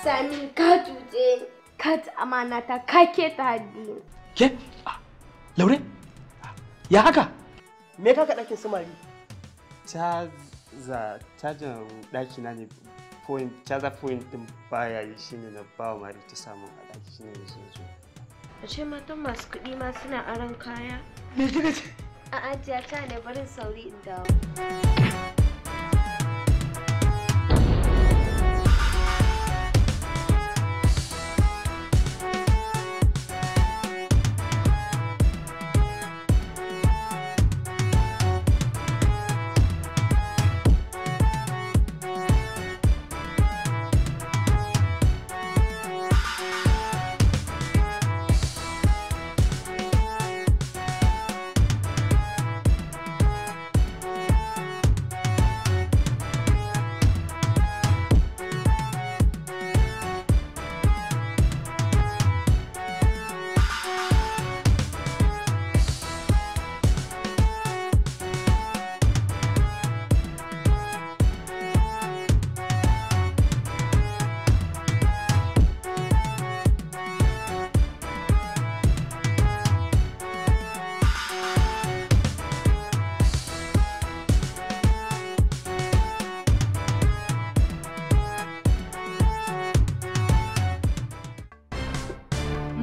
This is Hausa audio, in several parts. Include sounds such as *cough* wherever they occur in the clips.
Sami ka cuce ka ci amana ta ka ta haddi. Ke? Ah, Laure? Ya haka? Me ka ɗakin sumari? Caza cajin ɗaki na ne point caza point din baya yi shine na ba wa mari ta samu a ɗaki shine ne shi zo. A ce matan masu kuɗi ma suna aron kaya? Me kika ce? A ajiya ta ne barin sauri in dawo.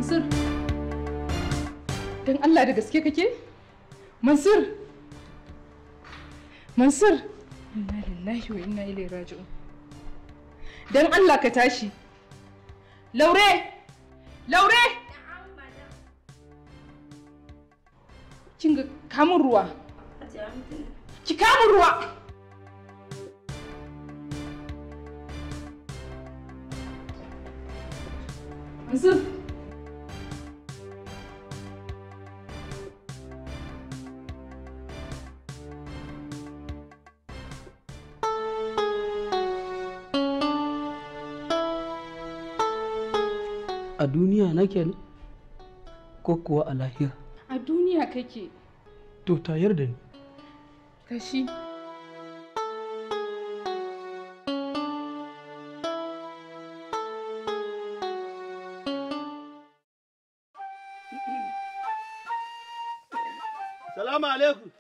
Mansur. Don Allah da gaske kake? Mansur. Mansur. Inna lillahi wa inna ilaihi raji'un. Don Allah ka tashi. Laure! Laure! Kin ga kamun ruwa. Ki kamun ruwa! Mansur. nan kenan ko kuwa a lahira a duniya kake to tayar da ni kashi Salamu alaikum.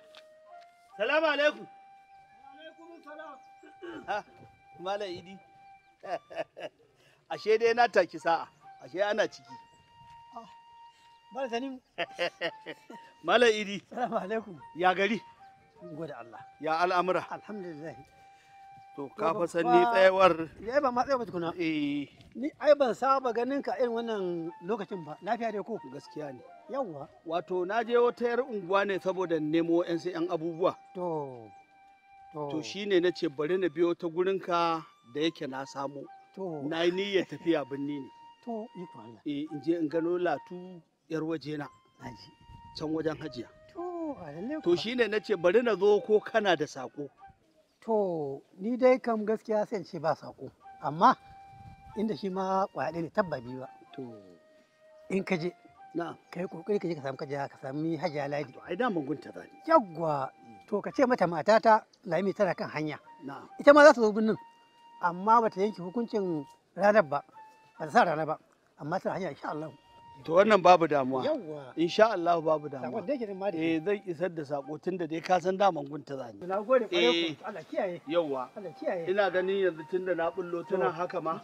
Salamu alaikum. Alaikum Malam Idi. *laughs* Ashe dai na taki sa'a. Ashe ana ciki. Mala Salim. *laughs* Mala Idi. Salamu alaikum. Ya gari. Gode Allah. Ya al'amura. Alhamdulillah. To ka fa san ni tsayawar. Ya ba ma tsayawar tukuna. Eh. Ni ai ban saba ganin ka irin wannan lokacin ba. Lafiya dai ko? Gaskiya ne. Yawwa. Wato na je wata yar unguwa ne saboda nemo yan sai yan abubuwa. To. To shine na ce bari na biyo ta gurinka da yake na samu. To. Na yi niyyar tafiya birni ne. To, ikon Allah. Eh, in je in gano latu yar na can wajen hajiya to shine na ce bari na zo ko kana da sako to ni dai kam gaskiya sai ce ba sako amma inda shi ma kwaɗe ne tabba biyu ba to in ka je ka yi kokari ka je ka samu kajiya ka sami hajiya ladi ai da mugunta zani yagwa to ka ce mata matata lami tana kan hanya ita ma za su zo birnin amma bata yanke hukuncin ranar ba ba ta sa ranar ba amma tana hanya insha Allah to wannan babu damuwa insha Allah babu damuwa eh zan isar da sako tun da dai ka san daman gunta zani na gode kwarai eh, Allah kiyaye yawa Allah kiyaye ina ganin yanzu tun da na bullo tunan haka ma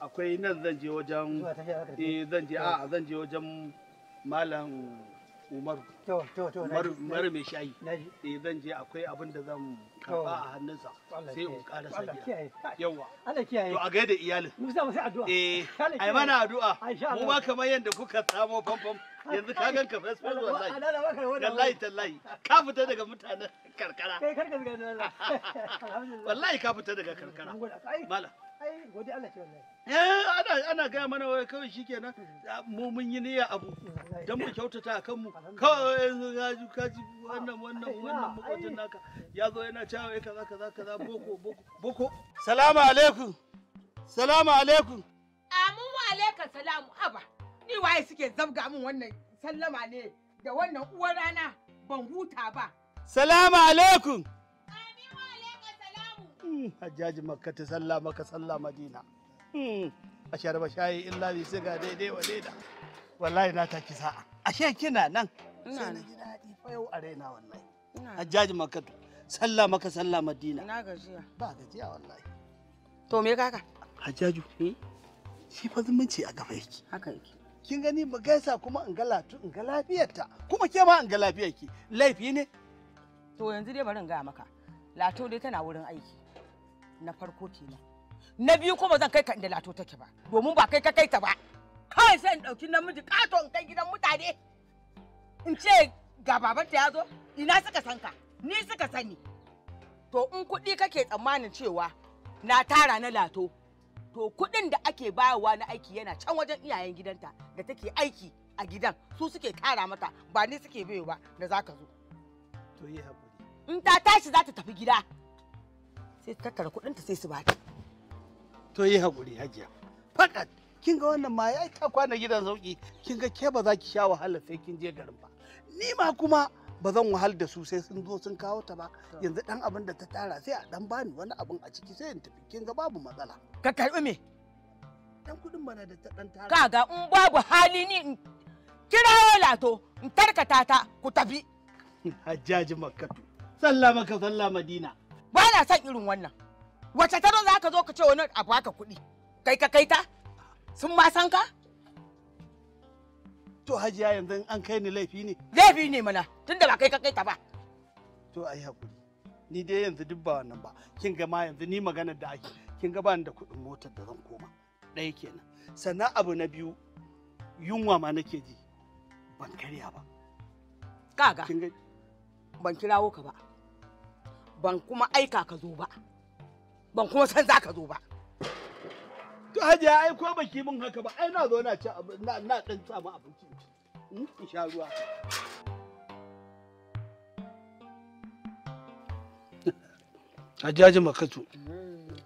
akwai nan zan je wajen eh zan je a'a zan je wajen malam Umaru. To, to, to. Umaru, Umaru mai shayi. Naji. Eh zan je akwai abin da zan karba a hannunsa. Sai in ƙara sa gida. Yawwa. Allah kiyaye. To a ga gaida iyalin. Musa masa addu'a. Eh. *laughs* Ai mana addu'a. Mu ba kamar yanda kuka samo famfam. Yanzu ka gan ka fes fes wallahi. Wallahi tallahi. Ka fita daga mutanen karkara. Kai karkar ga Allah. Wallahi ka fita daga karkara. Mala. ai gode Allah ce wallahi eh ana ana gaya mana wai kawai shikenan mm. mu mun yi niyya abu mm, dan mu kyautata a kanmu kawai ah, wannan wannan wannan naka ya zo yana cewa kaza kaza kaza boko boko boko salamu alaikum salamu alaikum amin wa alaikum salamu haba ni waye suke zabga min wannan sallama ne da wannan uwar rana ban huta ba salamu alaikum hajjaji makka ta sallah maka sallah madina hmm, a sharba shayi illa bi siga daidai wa daida wallahi na kisa a ashe kina nan ina na ji daɗi fa yau a raina wallahi hajjaji makka sallah maka sallah madina na gajiya ba gajiya wallahi to me kaka hajjaju hmm? shi fa zumunci a gaba yake haka yake kin gani mu gaisa kuma in ga latu in ga lafiyarta kuma ke ma in ga lafiyarki laifi ne to yanzu dai bari in ga maka lato dai tana wurin aiki na farko kenan na biyu kuma zan kai ka inda lato take ba domin ba kai ka kai ta ba kawai sai in ɗauki namiji kato in kai gidan mutane in ce ga babanta ya zo ina suka san ka ni suka sani to in kuɗi kake tsammanin cewa na tara na lato to kuɗin da ake bayarwa na aiki yana can wajen iyayen gidanta da take aiki a gidan su suke kara mata ba ni suke baiwa da za zo to yi haƙuri in ta tashi za ta tafi gida sai ta tattara kuɗinta sai su bata. To yi haƙuri hajiya. Fakat kin ga wannan ma ya ta kwana gidan sauki kin ga ke ba za ki sha wahala sai kin je garin ba. Ni ma kuma ba zan wahal da su sai sun zo sun kawo ta ba yanzu dan abin da ta tara sai a dan bani wani abun a ciki sai in tafi kin ga babu matsala. Ka karɓi me? Dan kuɗin bana da ta dan tara. Kaga in babu hali ni in kirawo lato in tarkata ta ku tafi. Hajjaji Makkatu. Sallah maka sallah Madina. ba na son irin wannan wace ta za ka zo ka ce wani a baka kuɗi kai ka kai ta sun ma san ka to hajiya yanzu an kai ni laifi ne laifi ne mana tunda ba kai ka kai ta ba to ai hakuri ni dai yanzu duk ba wannan ba kin ga ma yanzu ni maganar da ake kin ga ba ni da kuɗin motar da zan koma ɗaya kenan sannan abu na biyu yunwa ma nake ji ban karya ba kaga kin ga ban kirawo ka ba ban kuma aika ka zo ba ban kuma san za ka zo ba to hajiya ai ko baki min haka ba ai na zo na ci na na dan samu abinci in hmm, sha ruwa Hajjaji Makatu,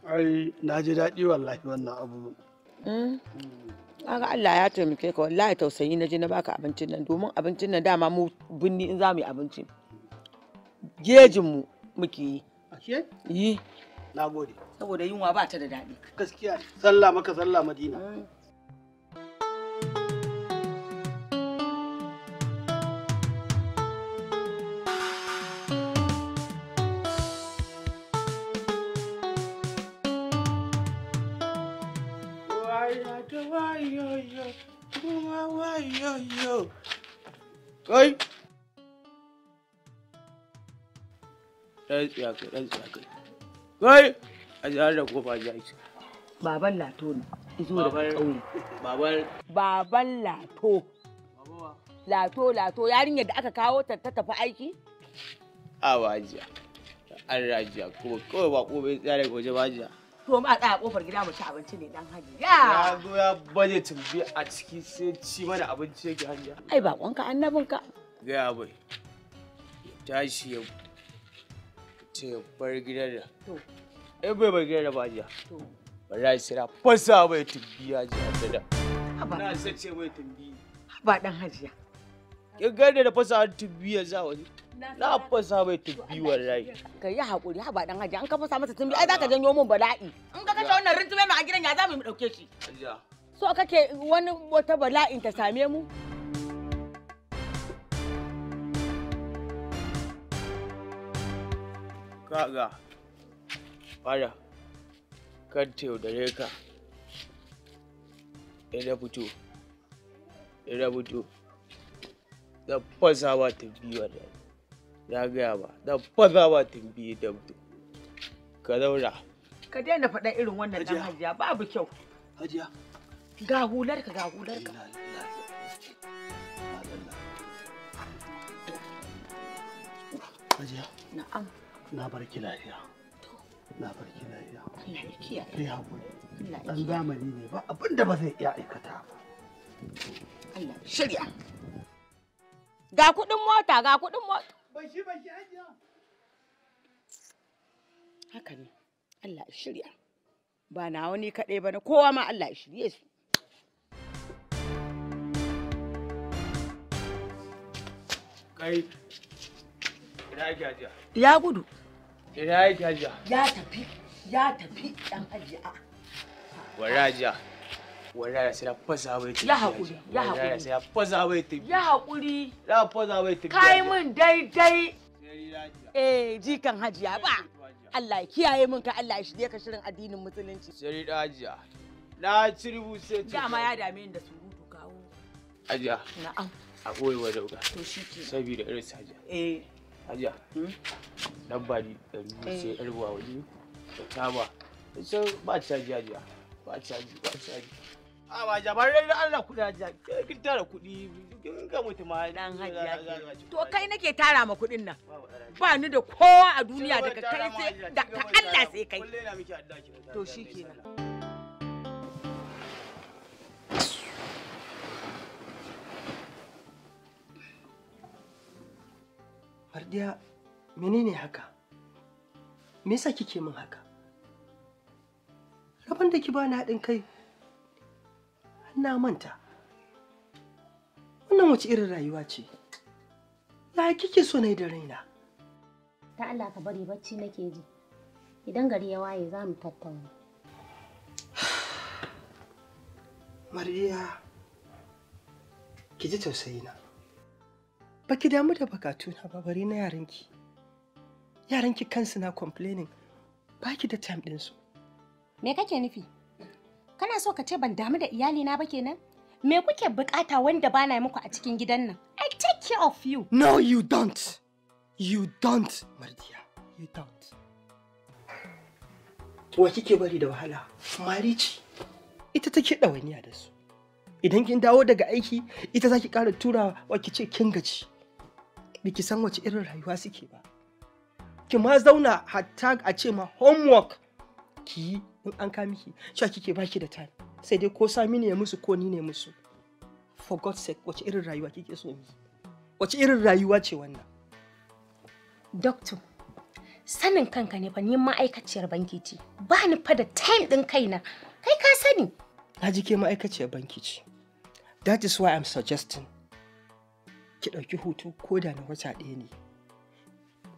ai na ji daɗi wallahi wannan abu. Hmm? Kaga Allah ya taimake ka wallahi tausayi na je na baka abincin nan domin abincin nan dama mu binni in za mu yi abinci. Gejinmu muke yi ashe yi nagode saboda yunwa ba ta da daɗi gaskiya sallah maka sallah madina mm. ɗan tsiya kai ɗan tsiya kai kai a jihar da kofa ya ce baban lato ne izo da ƙauye baban baban lato lato lato yarinyar da aka kawo ta ta tafi aiki a wajiya an rajiya kuma kawai ba kobe tsaya daga waje bajiya to ma tsaya kofar gida mu ci abinci ne dan haji ya ya zo ya baje tumbi a ciki sai ci mana abinci yake hanya ai baƙonka, annabinka ga ya bai tashi ya ce bar gidan da eh, bai bar gidan da ba jiya wallahi sai fasa bai tumbiya jiya da na sace dan hajiya kin da fasa tumbiya za waje na fasa bai wallahi ka yi hakuri ha dan hajiya an ka fasa masa tumbi ai zaka janyo mun bala'i in ka kashe wannan rintume mai a gidan ya za mu dauke shi so kake wani wata bala'in ta same mu kaga fara kan ta ka ya fito ya fito da fasa ba ta biyu wallahi na gaya ba da fasa ba ta biyu da fito ka daura ka daina faɗa irin wannan dan hajiya babu kyau hajiya ga hular ka ga hular ka hajiya na'am na bar ki lafiya na bar ki lafiya kai hakuri dan zamani ne ba abin da ba zai iya aikata ba Allah shirya ga kudin mota ga kudin mota bashi bashi hajiya haka ne Allah shirya ba na wani kaɗai ba na kowa ma Allah shirye su kai ina gajiya ya gudu Ina yake hajiya? Ya tafi, ya tafi ɗan hajiya. Wara hajiya. Wara ya sai fasa bai tafi. Ya haƙuri, ya haƙuri. Wara ya sai fasa bai tafi. Ya haƙuri. Ya fasa bai tafi. Kai min daidai. Eh, jikan hajiya ba. Allah kiyaye min ka Allah ya shige ka shirin addinin musulunci. Shari da hajiya. Na ci rubuce. Dama ya dame ni da surutu kawo. Hajiya. Na'am. A koyewa dauka. To shi ke. Sabida irin hajiya. Eh. hajiya hmm? dabba ba ni ɗari sai yar ruwa waje da taba sai ba caji hajiya ba caji ba caji a ba jabar da Allah kuɗi hajiya ki tara kuɗi kin ga mutum ma dan hajiya to kai nake tara ma kuɗin nan ba ni da kowa a duniya daga kai sai da Allah sai kai to shikenan Fardiya menene haka? Me yasa kike min haka? Rabon da ki bani haɗin kai na manta. Wannan wace irin rayuwa ce? ya kike so na da raina? Ta Allah ka bari bacci nake ji. Idan gari ya waye za mu tattauna. *sighs* Mariya, ki ji tausayina. ba ki damu da bakatuna ba bari na yaranki yaranki kansu na complaining ba ki da time ɗinsu me kake nufi kana so ka ce ban damu da na ba kenan me kuke bukata wanda bana muku a cikin gidan nan i take care of you no you don't you don't mardiya you don't wa kike bari da wahala marici ita take ɗawainiya da su idan kin dawo daga aiki ita zaki ƙara turawa wa ki ce kin gaci biki san wace irin rayuwa suke ba ki ma zauna hatta a ce ma homework ki yi in an ka miki cewa kike baki da time sai dai ko sami ne ya musu ko ni ne musu for god's sake wace irin rayuwa kike so yi wace irin rayuwa ce wannan doctor sanin kanka ne fa ni ma'aikaciyar banki ce ba ni fa da time din kaina kai ka sani na ji ke ma'aikaciyar banki ce that is why i'm suggesting ki ɗauki hutu ko da na wata ɗaya ne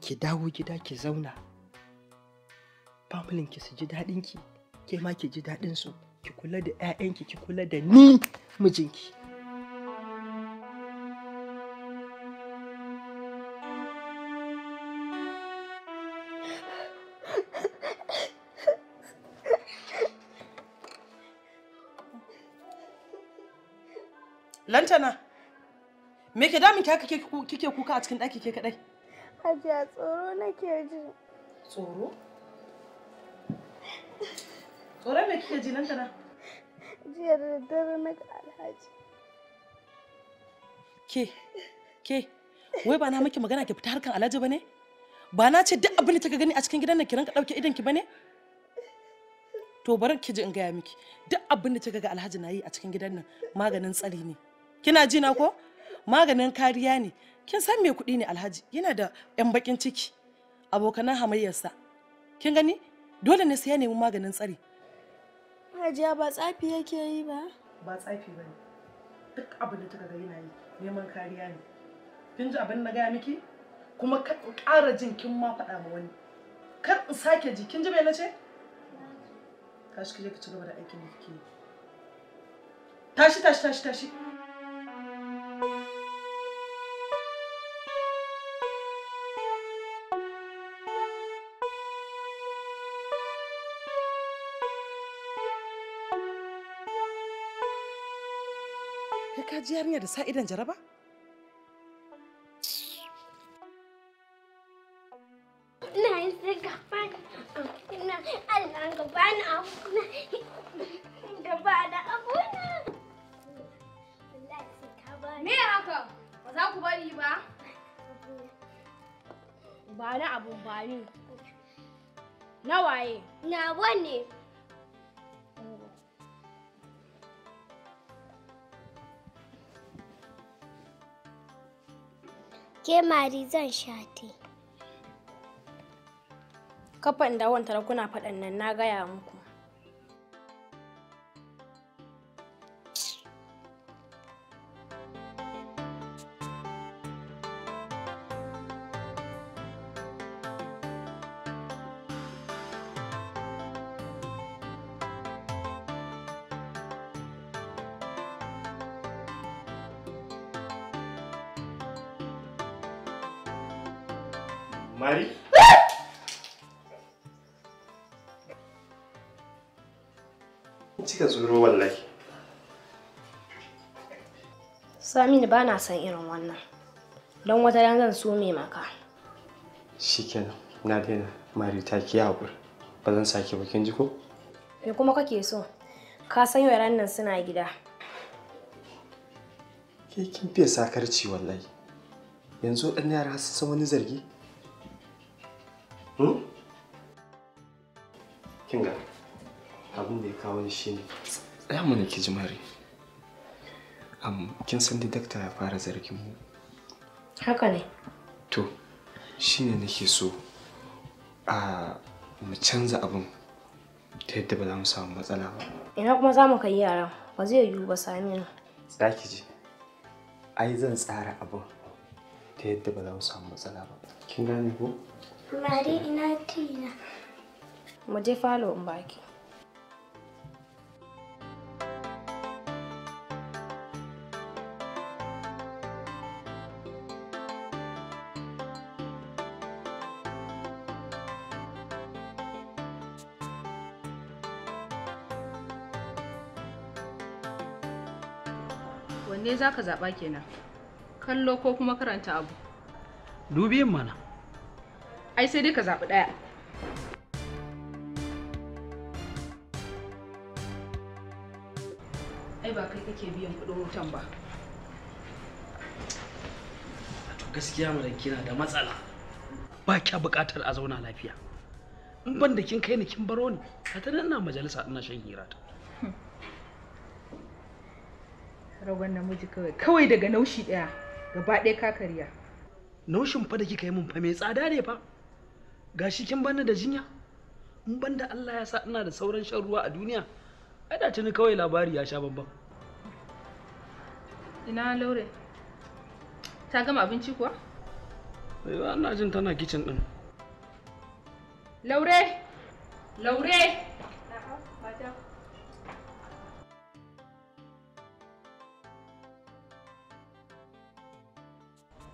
ki dawo gida ki zauna familin ki su ji daɗin ki ke ma ki ji daɗin su ki kula da 'ya'yanki ki kula da ni mijinki lantana Me ke damin ki haka kike kuka a cikin ɗaki ke kaɗai? Hajiya tsoro nake ji. Tsoro? Tsoron me kike ji nan da na? Jiya da daddare na Alhaji. Ke, ke, wai ba na miki magana ki fita harkan Alhaji ba ne? Ba na ce duk abin da kika gani a cikin gidan nan ki ranka ɗauke idan ki ba ne? To bari ki ji in gaya miki duk abin da kika ga Alhaji na yi a cikin gidan nan maganin tsari ne. Kina ji na ko? maganin kariya ne kin san me kuɗi ne alhaji yana da yan bakin ciki abokanan hamayyarsa kin gani dole ne sai ya nemi maganin tsari hajiya ba tsafi yake yi ba ba tsafi ba ne duk abin da kika ga yana yi neman kariya ne kin ji abin na gaya miki kuma ka ƙara jin kin ma faɗa ma wani kar in sake ji kin ji me na ce tashi ki ci gaba da aikin da kike yi tashi tashi tashi tashi ka ji yarinya da sa idan jaraba? sai Allah gaba na abuna gaba haka? Ba za ku bari ba? Ba na abun ba Na waye? Na wane. ke mari zan sha te. Kafa inda wanta kuna faɗan nan na gaya muku. Mari? Cika tsoro wallahi. Saminu ba na son irin wannan. Don wata ran zan so me maka. Shikenan, na daina. Mari ta ki haƙuri. Ba zan sake ba kin ji ko? Me kuma kake so? Ka san yaran nan suna gida. Ke kin fiye sakarci wallahi. Yanzu ɗan yara sun san wani zargi? Kinga, abin da ya kawo ni shine tsaya mu ne ki ji mari am kin san dakta ya fara zargin mu haka ne to shine nake so a mu canza abin ta yadda ba za mu samu matsala ba ina kuma za mu kai yaran ba zai yiwu ba sami za ki ji ai zan tsara abin ta yadda ba za mu samu matsala ba kin gane ko mare ina tina mu je falo in baki wanne za ka zaɓa kenan kallo ko kuma karanta abu dubiyin mana ai sai dai ka zaɓi ɗaya ai ba kai kake biyan kuɗin wutan ba to gaskiya mara kina da matsala ba kya buƙatar a zauna lafiya in ban da kin kai ni kin baro ni a ta ina majalisa ina shan hira ta rawan namiji kawai kawai daga naushi ɗaya gaba ɗaya ka kariya. naushin fa da kika yi min fa mai tsada ne fa gashi kin bani da jinya in ban da Allah ya sa ina da sauran shan ruwa a duniya ai da tuni kawai labari ya sha babban. ina laure ta gama abinci kuwa ba ina jin tana kicin din laure laure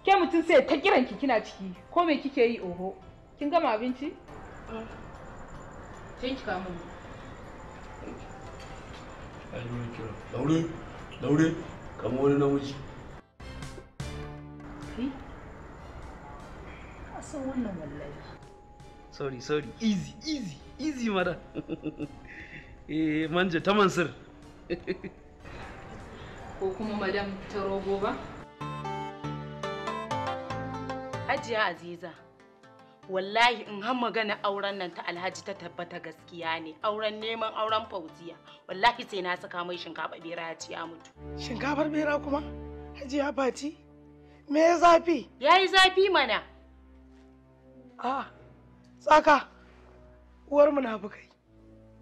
ke mutum sai ta kiranki kina ciki ko me kike yi oho kin gama abinci? Kin eh. kika mun. ya ji wani kira daure daure kamar wani namiji kai san wannan wallahi sorry sorry easy easy easy mara *laughs* eh manja ta mansur *laughs* ko kuma madam ta rogo ba ajiya aziza wallahi in har magana auren nan ta alhaji ta tabbata gaskiya ne auren neman auren fauziya wallahi sai na saka mai shinkafa bera ya ci ya mutu shinkafar bera kuma hajiya bati me ya zafi yayi zafi mana a tsaka uwar mu na bukai.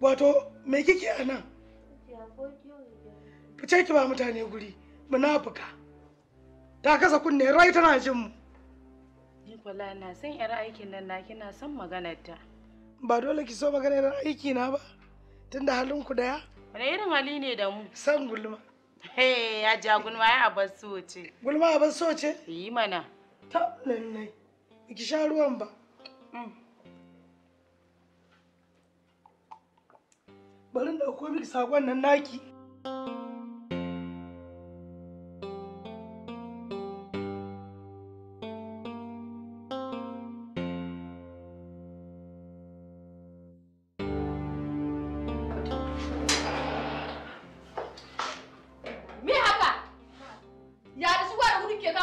wato me kike a nan fice ki ba mutane guri buka. ta kasa kunne rai tana jin mu wala na san yar aikin nan na kina son maganar ta ba dole ki so maganar aiki na ba tunda halin ku daya wani irin hali ne da mu san gulma he ya ja gulma ya abar so ce gulma abar so ce yi mana ta lallai ki sha ruwan ba mm. bari da ko miki sakon nan naki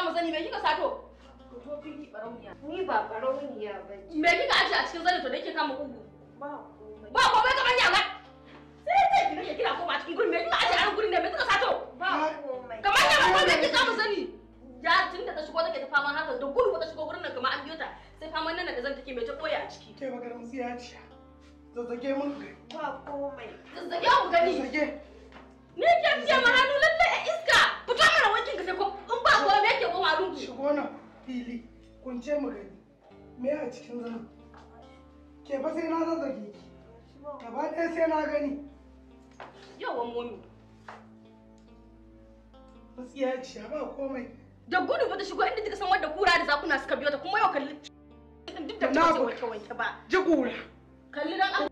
za mu sani me kika sato? Ni ba barauniya ba Me kika aje a cikin zanin to da yake kama Ba komai. Ba komai Sai kira koma ba cikin gurin me kika aje a gurin ne me kika sato? Ba komai. ko me kika mu sani? Ya tun da ta shigo take ta haka da ta shigo gurin nan an biyo ta sai nan da zan take ta koya a ciki. ce. Zazzage mun gani. Ba komai. Ni ke ce ma hannu lalle a iska. Fito mana wankin ka sai ko in ba ko me yake goma lungu. Shigo na fili kunce mu gani. Me a cikin zan? Ke fa sai na zazzage ki. Gaba ɗaya sai na gani. Yawan momi. Gaskiya ce ba komai. Da gudu ba ta shigo inda kika san wanda kura da zakuna suka biyo ta kuma yau kalli. Duk da ta wanke wanke ba. Ji kura. Kalli dan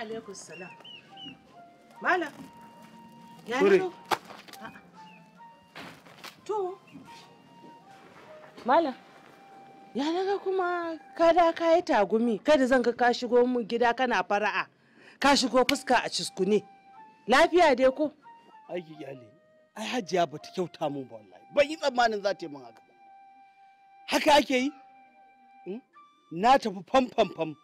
alaikum salam. Mala, Ya yi To. Malam. Ya naga kuma kada ka yi tagumi kada zan ka shigo mu gida kana fara'a. Ka shigo fuska a ciskune. Lafiya dai ko? Ai, iyali. Ai hajiya ba ta kyauta mu ba wallahi. Ban yi tsammanin za ta yi min haka. Haka ake yi? Hmm? Na tafi fam fam fam.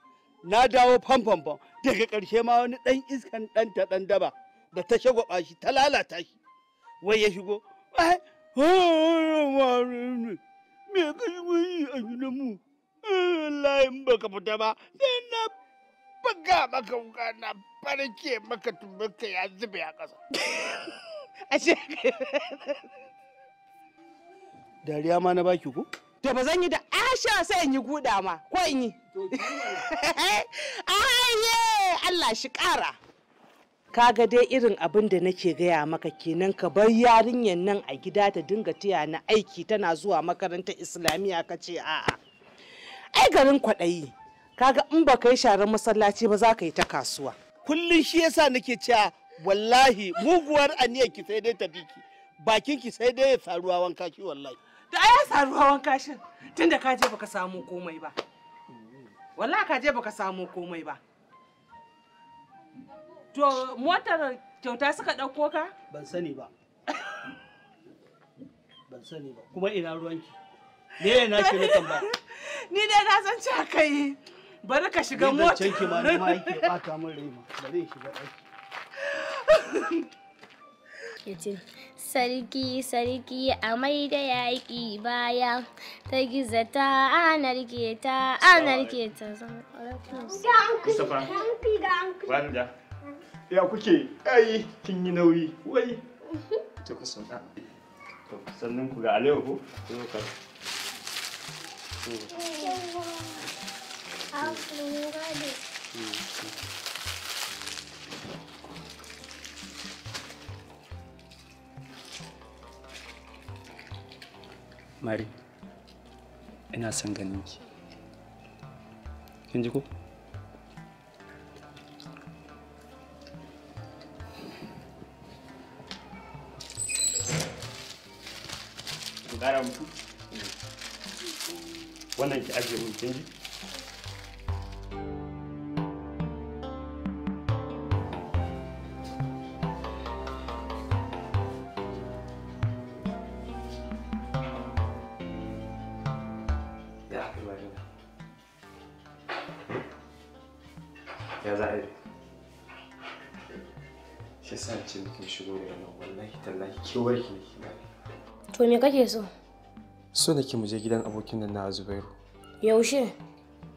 na dawo famfamfam daga ƙarshe ma wani ɗan iskan ɗan ta ɗan daba da ta shagwaba shi ta lalata shi wai ya shigo me ka shigo yi a gidanmu layin baka fita ba sai na baga maka wuka na farke maka tumbarka ya zube a ƙasa *laughs* dariya ma na baki ko. to ba zan yi da asha sai in yi guda ma ko in yi aye *laughs* Allah shi kara kaga dai irin abin da nake gaya maka kenan ka bar yarinyar nan a gida ta dinga taya na aiki tana zuwa makarantar islamiyya ka ce a'a ai garin kwaɗayi kaga in ba ka yi sharar masallaci ba za ka yi ta kasuwa kullum shi yasa nake cewa wallahi muguwar aniyar ki sai dai ta biki bakin ki sai dai ya faruwa wanka ki wallahi Ta ya saru hawan kashin tunda ka je baka samu komai ba. Wallahi ka je baka samu komai ba. To motar kyauta suka ɗauko ka? Ban sani ba. Ban sani ba. Kuma ina ruwanki. Ni ne na shi ba. *laughs* Ni dai na san cewa kai bari ka shiga mota. Ni zancen ki ma ni ma yake bata min rai ma. Bari in shiga ɗaki. *laughs* ke sarki sarki a mai da yaƙi baya ta giza ta anar ke ta anar ta wanda ya kuke ai kin yi nauyi wai ta ku sun da to sannan ku ga alewa ko zo ka Thank you. mari ina son ganin ki kin ji ko gara mutu wannan ki ajiye mun kin ji ya za a yi shi sa ce muke shigo da yana wallahi tallahi ne ki bani to me kake so so ki mu je gidan abokin nan na Zubairu yaushe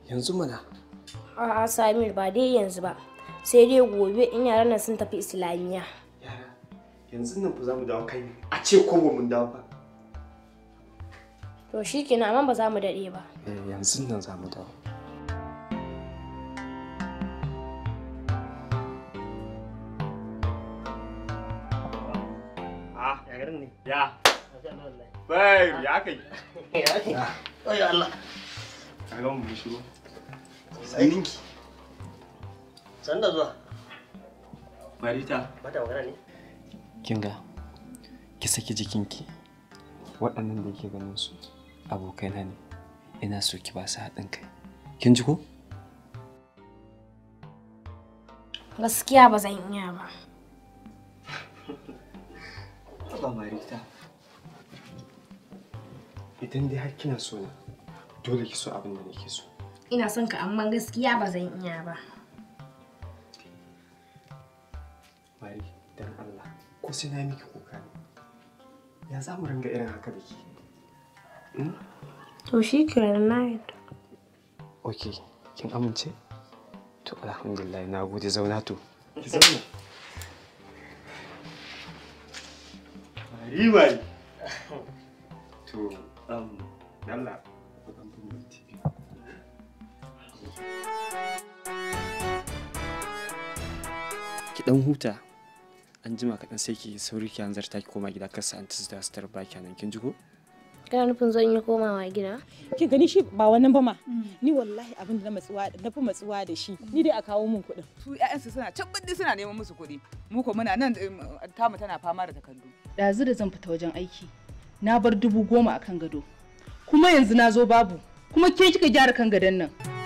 yanzu mana a'a Samir ba dai yanzu ba sai dai gobe in yaran nan sun tafi islamiyya yara yanzu nan ku za mu dawo kai a ce ko ba mun dawo ba to shikenan amma ba za mu daɗe ba eh, yanzu nan za mu dawo Oh, ya Allah sai ninki zuwa marita bata ne kinga ki saki jikinki waɗannan da yake ganin su abokaina ne ina so ki ba su haɗin kai kin ji ko gaskiya ba zan iya ba ba marita idan dai har kina so na dole ki so abin da nake so ina son ka amma gaskiya ba zan iya ba mari dan Allah ko sai na miki kuka ne ya za mu ranga irin haka da ke hmm? to shi kiran na yadda kin amince to alhamdulillah na gode zauna to ki zauna kidan um, huta an jima kaɗan sai ki sauri ki hanzarta ki koma gida kasa an da su baki nan kin ji ko kana nufin zan iya komawa gida ki gani shi ba wannan ba ma mm. ni wallahi abin da na matsuwa na fi matsuwa da shi ni dai a kawo mun kuɗin su ƴaƴansu suna can suna neman musu kuɗi mu ko muna nan eh, tamu tana fama da takardu ɗazu da zan fita wajen aiki na bar dubu goma akan gado kuma yanzu na zo babu kuma ke kika gyara kan gadon nan